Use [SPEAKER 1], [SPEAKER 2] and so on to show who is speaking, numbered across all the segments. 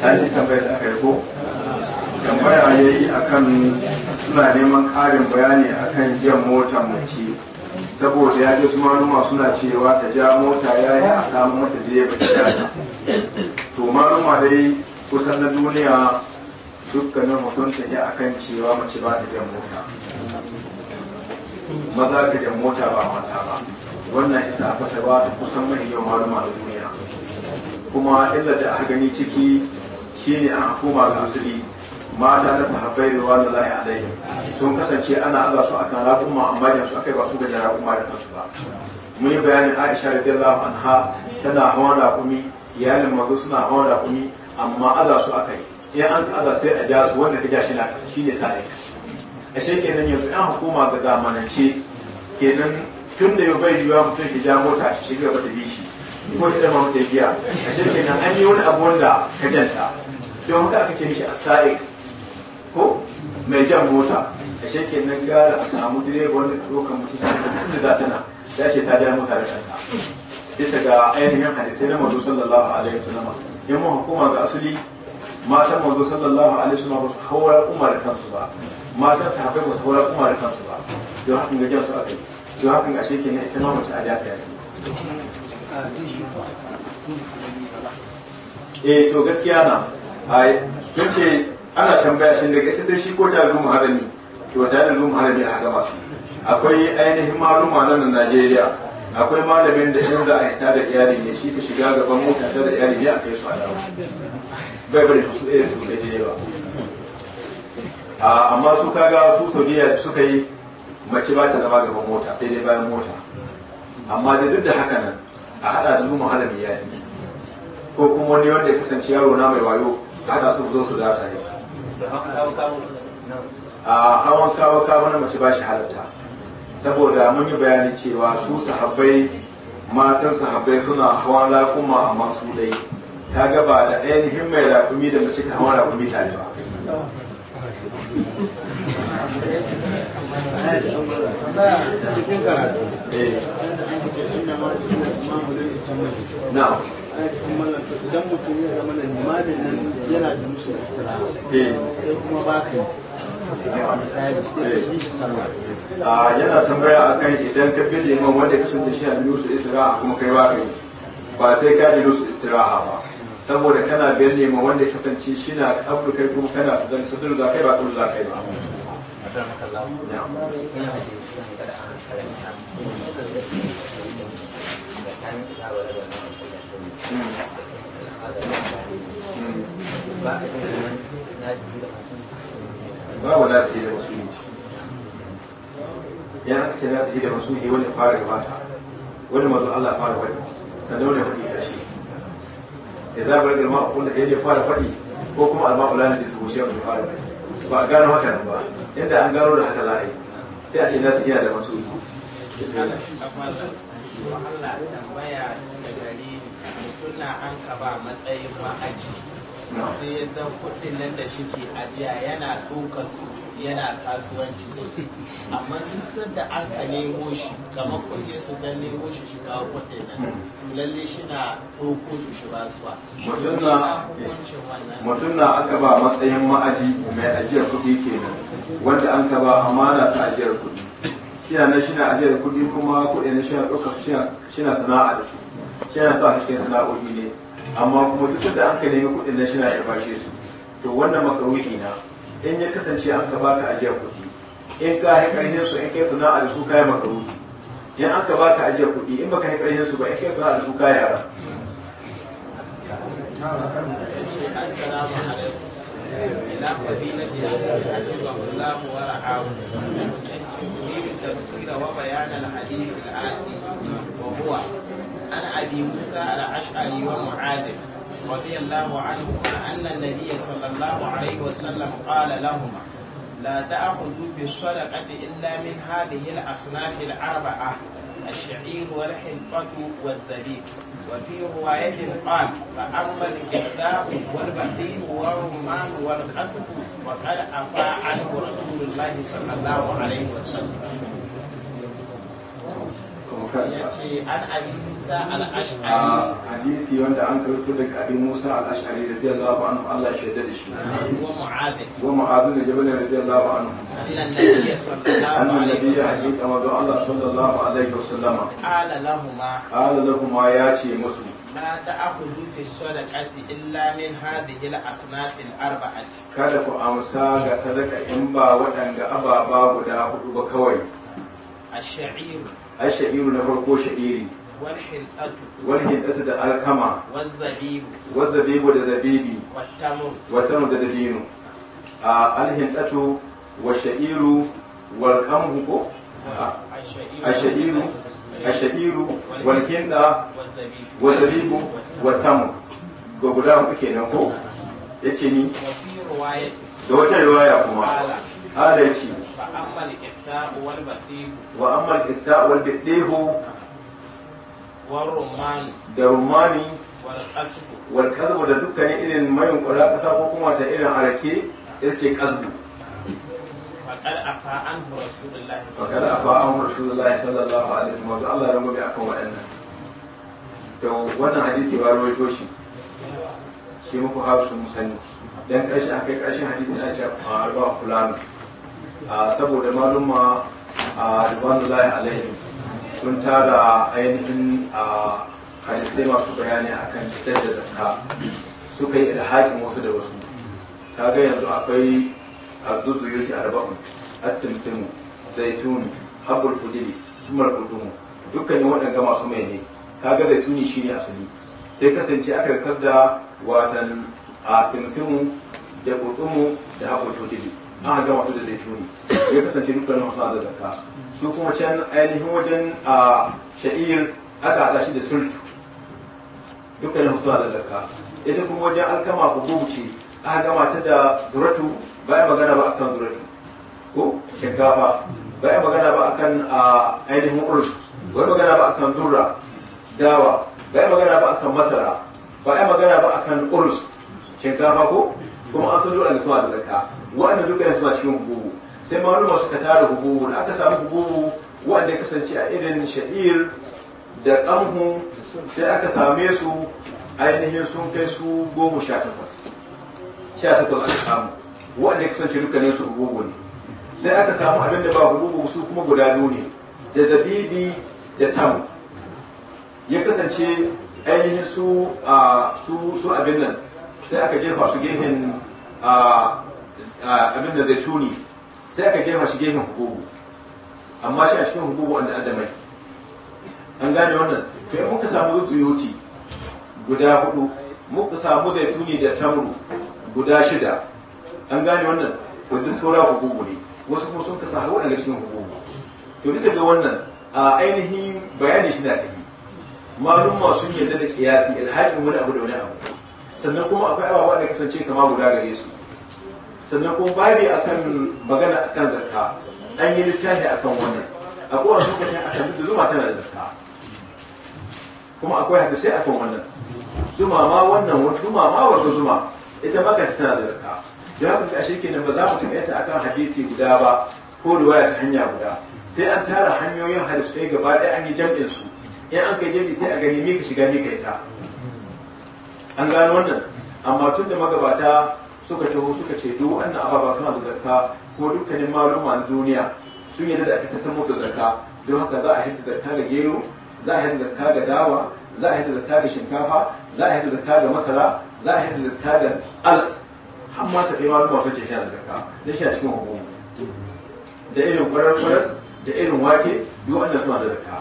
[SPEAKER 1] ta yi tambayar da aka yi ko tambaya ya yi akan suna neman ƙarin bayani akan jan mota mace saboda ya ji su manuma suna cewa ta ja mota ya yi a samun mata da ya ta to manuma dai kusan na duniya dukkanin mutum ta a akan cewa mace ba ta jan mota maza ka jan mota ba mata ba wannan ita a fata ba ta kusan mai yawan manuma da duniya kuma illa da aka gani ciki shine an koma ga asali mata na sahabbai da wani lahi alaihim sun kasance ana aza su akan raƙuma amma da su aka ba su ga da raƙuma da kansu ba mun yi bayanin aisha da dalla anha tana hawan rakumi iyalin mazu suna hawan raƙumi amma aza su aka yi in an aza sai a ja su wanda ka ja shi na kasa shine sa'ai a shi kenan yanzu yan hukuma ga zamanance kenan tun da yau bai yiwuwa mutum ki ja mota shi bata ta bi shi ko da dama mutum biya a shirkin nan an yi wani abu wanda ka janta don haka aka ce mishi asari ko mai jan mota a shirkin nan gara a samu direba wanda ka ɗaukar mutu shi da tana da ce ta ja mota da kanta bisa ga ainihin hadisai na mazu sallallahu alaihi wasallam in mun hukuma ga asali matan mazu sallallahu alaihi wasallam ba su haura umar kansu ba matan sahabbai ba su haura umar kansu ba don haka ga jan su aka yi don haka ga shirkin nan ita ma mace a ja ta eh to gaskiya na sun ce ana tambaya shi daga ita sai shi ko ta zuma harami to ta da zuma harami a haka masu akwai ainihin maluma nan na Najeriya akwai malamin da in za a hita da iyali ne shi ta shiga gaban mota ta da iyali ne a kai su a dawo bai bari su ɗaya su ne ba amma su kaga su saudiya suka yi mace ba ta zama gaban mota sai dai bayan mota amma da duk da haka nan a hada da zuma halin ya yi ko kuma wani wanda ya kasance yaro na mai wayo a hada su zo su da tare a hawan kawo kawo na mace ba shi halatta saboda mun yi bayanin cewa su sahabbai matan sahabbai suna hawan lakuma a masu dai ta gaba da ainihin mai rakumi da mace ta hawan rakumi tare ba na'am idan mutum ya zama limamin nan yana da musu sai eh. kuma ba ka eh. yana tambaya a kan idan ka bi liman wanda ka sun tashi a nusu istiraha kuma kai ba kai ba sai ka ji nusu istiraha ba saboda kana biyan liman wanda ya kasance shi na kabdu kai kuma kana su dan sudur za kai ba kudu za kai ba a babu na tsaye da musulunci ya haka na tsaye da musulunci wanda fara gabata wani mazu Allah fara wani sannan wani faɗi ƙarshe ya zaɓar girma a kulla ya fara faɗi ko kuma alma ulana da su wuce wani fara ba a gano haka nan ba yadda an gano da haka la'ai sai a ce na tsaye da musulunci to Allah tambaya da gari mutum na an ka ba matsayin ma'aji sai yadda kuɗin nan da shike ajiya yana ɗauka su yana kasuwanci da su amma duk sanda an ka nemo shi kamar kuɗi su dan nemo shi shi kawo kuɗin nan lalle shi na ɗauko su shi ba su ba mutum na aka ba matsayin ma'aji mai ajiyar kuɗi kenan wanda an ka ba amana ta ajiyar kuɗi shina nan shina ajiyar kudi kuma kuɗi na shina ɗauka shina sana'a da su shina sa shi sana'o'i ne amma kuma duk da an ka nemi kuɗin nan shina ya bashe su to wannan makaruhi na in ya kasance an ka baka ajiyar kuɗi in ka yi ƙarfin su in kai sana'a da su kai makaruhi in an ka baka ajiyar kuɗi in baka yi ƙarfin su ba in kai sana'a da su kai yara Assalamu alaikum. Ila fadilati ya Allah wa ra'ahu. التفسير وبيان الحديث الآتي وهو عن أبي موسى الأشعري ومعاذ رضي الله عنهما أن النبي صلى الله عليه وسلم قال لهما لا تأخذوا بالصدقة إلا من هذه الأصناف الأربعة الشعير والحنطة والزبيب وفي رواية قال فأما الكذاب والبخيل والرمان والقصب وقد أفاء عنه رسول الله صلى الله عليه وسلم yace an abi musa al-ash'ari hadisi wanda an karɓo daga abi musa al-ash'ari radiyallahu anhu Allah ya shaida da shi wa mu'adh wa mu'adh da jabal radiyallahu anhu annan nabiyyi sallallahu alaihi wasallam annan Allah sallallahu alaihi wasallam qala lahumma qala lahumma yace musu ma ta'khudhu fi sadaqati illa min hadhihi al-asnaf al kada ku amsa ga sadaka in ba waɗanda ababa guda huɗu ba kawai الشعير ash-sha'iru na farko sha'iri walhin da alkama wazzabibu da zabibi watanu da dabino wata riwaya kuma ala wa amma al-kissa wal bidihu da rumani wal da dukkanin irin mai kula kasa ko kuma ta irin arake ita ce kasbu fakar afa an rasulullahi sallallahu alaihi wa sallam Allah ya rubuta akan waɗannan to wannan hadisi ba rawaito shi shi muku hausun musani dan karshe akai karshen hadisi na ce Ah, saboda maluma a ah, rizwanullahi alaihim sun tara ainihin ah, hadisai masu bayani akan fitar da zakka suka yi ilhakin wasu da wasu ta ga yanzu akwai abdul zuyuti arba'un assimsimu zaituni habbul fudili sumar kudumu dukkanin waɗanda masu mai ne ta ga zaituni ne asali sai kasance aka rikar da watan asimsimu da kudumu da habbul fudili an gama su da zaituni ya kasance dukkanin suna da zakka su kuma can ainihin wajen a sha'ir aka haɗa shi da sultu dukkanin suna da zakka ita kuma wajen alkama ku gubuce aka gama ta da duratu bayan magana ba akan duratu ko shinkafa bayan magana ba akan ainihin urus wani magana ba akan zurra dawa bayan magana ba akan masara bayan magana ba akan urus shinkafa ko kuma an san dole suna da zakka wa'anda duka ne suna cikin hububu sai ma wani masu ka tara hububu da aka samu hububu wa'anda ya kasance a irin sha'ir da kanhu sai aka same su ainihin sun kai su goma sha takwas sha takwas aka samu wa'anda ya kasance dukkanin su hububu ne sai aka samu abin da ba hububu su kuma guda biyu ne da zabibi da tam ya kasance ainihin su a su abin nan sai aka jefa shi gefen abin da zai tuni sai aka jefa shi gefen hukubu amma shi a cikin hukubu wanda adamai an gane wannan to in muka samu zuyoti guda hudu muka samu zai tuni da tamuru guda shida an gane wannan wadda saura hukubu ne wasu kuma sun kasa hawa daga cikin hukubu to bisa ga wannan a ainihin bayanin shi na tafi malum masu yadda da kiyasi alhakin wani abu da wani abu sannan kuma akwai ababa da kasance kama guda gare su sannan kuma babi akan magana akan zakka an yi littafi akan wannan akwai wasu kashin akan duk zuma tana da zakka kuma akwai hadisai akan wannan zuma ma wannan wata zuma ma wata zuma ita ma kanta tana da zakka da haka a shirkin ba za mu tabbata akan hadisi guda ba ko riwaya ta hanya guda sai an tara hanyoyin hadisai gaba ɗaya an yi jam'in su in an kai jami'i sai a gani me ka shiga me ka ita an gano wannan amma tun da magabata suka taho suka ce duk wannan ababa suna da zakka ko dukkanin maluman duniya sun yi da aka ta musu zakka don haka za a hidda zarka ga gero za a hidda zarka ga dawa za a hidda zarka ga shinkafa za a hidda zarka ga masara za a hidda zarka ga alas har ma sai maluma suke ce shi zakka da shi a cikin hukuma da irin kwarar kwaras da irin wake duk wannan suna da zakka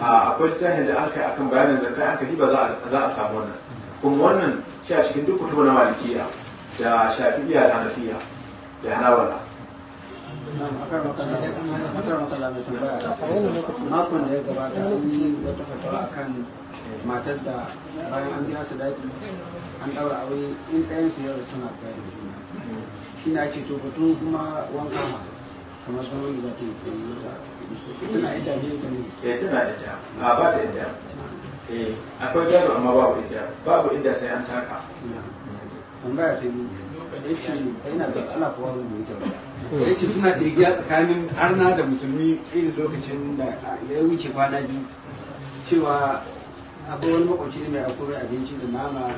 [SPEAKER 1] akwai littafin da aka yi akan bayanin zakka an ka ba za a samu wannan kuma wannan shi a cikin duk kutubu na malikiya da shafi'iya da hanafiya da hanabala makon da ya gabata an yi wata fatawa akan matar da bayan an biya sadaki an daura aure in ɗayan su yau suna kayan juna shi na ce to batun kuma wanka ma kamar sun wani za ta yi tana ita ne ita ne ita na ita ba ta ita Eh, akwai gado amma babu inda babu inda sai an taka tambaya ta yi yace eh, yana da Allah kuwa zan yi tambaya yace eh, suna da giya tsakanin arna da musulmi irin lokacin da ya wuce kwana biyu cewa akwai wani makwabci ne mai akwai abinci da nama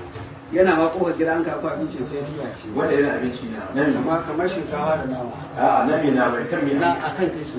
[SPEAKER 1] yana ma kowa gida an kafa abincin sai tuya ce wanda yana abinci na kamar shinkawa da nama a'a na mi na bai kan mi na akan kai su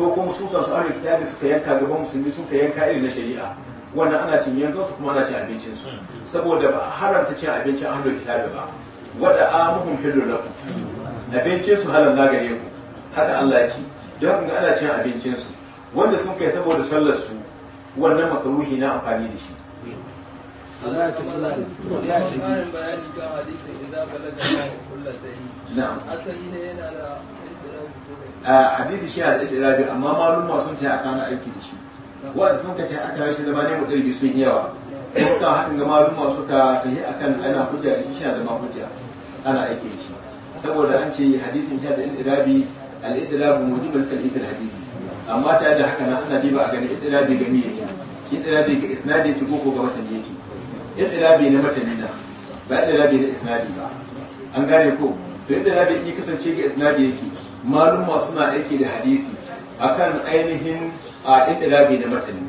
[SPEAKER 1] ko kuma su kansu ahlul kitabi suka yanka gaban musulmi suka yanka irin na shari'a wannan ana cin yanzu su kuma ana cin abincin su saboda ba haramta cin abincin ahlul kitabi ba wada amuhum hillu lakum abincin su halan na gare ku haka Allah ci don haka ana cin abincin su wanda sun kai saboda sallar su wannan makaruhi na amfani da shi صلاة الله يا شيخ. نعم. أصلي هنا hadisi shi a da rabi amma maluma sun ta akan aiki da shi wanda sun ka ta akan shi zama ne mu dirgi sun yawa ko ka hakan ga maluma suka tafi akan ana hujja da shi shi na zama hujja ana aiki da shi saboda an ce hadisin ya da idrabi al-idrabu mujibul kalif al-hadisi amma ta da haka na ana diba a gani idrabi ga miye idrabi ga isnadi ki ko ga watan yake idrabi na matanina ba idrabi na isnadi ba an gane ko to idrabi ki kasance ga isnadi yake malumma suna aiki da hadisi akan ainihin a labi na matani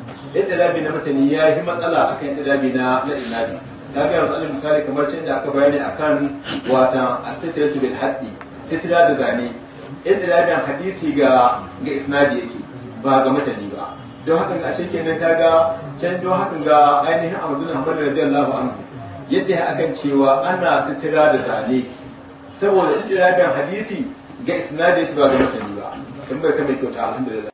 [SPEAKER 1] labi na matani ya yi matsala akan idilabi na na inabi ta gaya matsalin misali kamar can da aka bayani akan watan su bin haddi sitira da zane idilabin hadisi ga ga isnadi yake ba ga matani ba don hakan ga shi kenan ta ga can don hakan ga ainihin amadu hamad radiyallahu anhu yadda akan cewa ana sitira da zane saboda idirabin hadisi ga isnadi ba da mutane ba in bai kai mai kyauta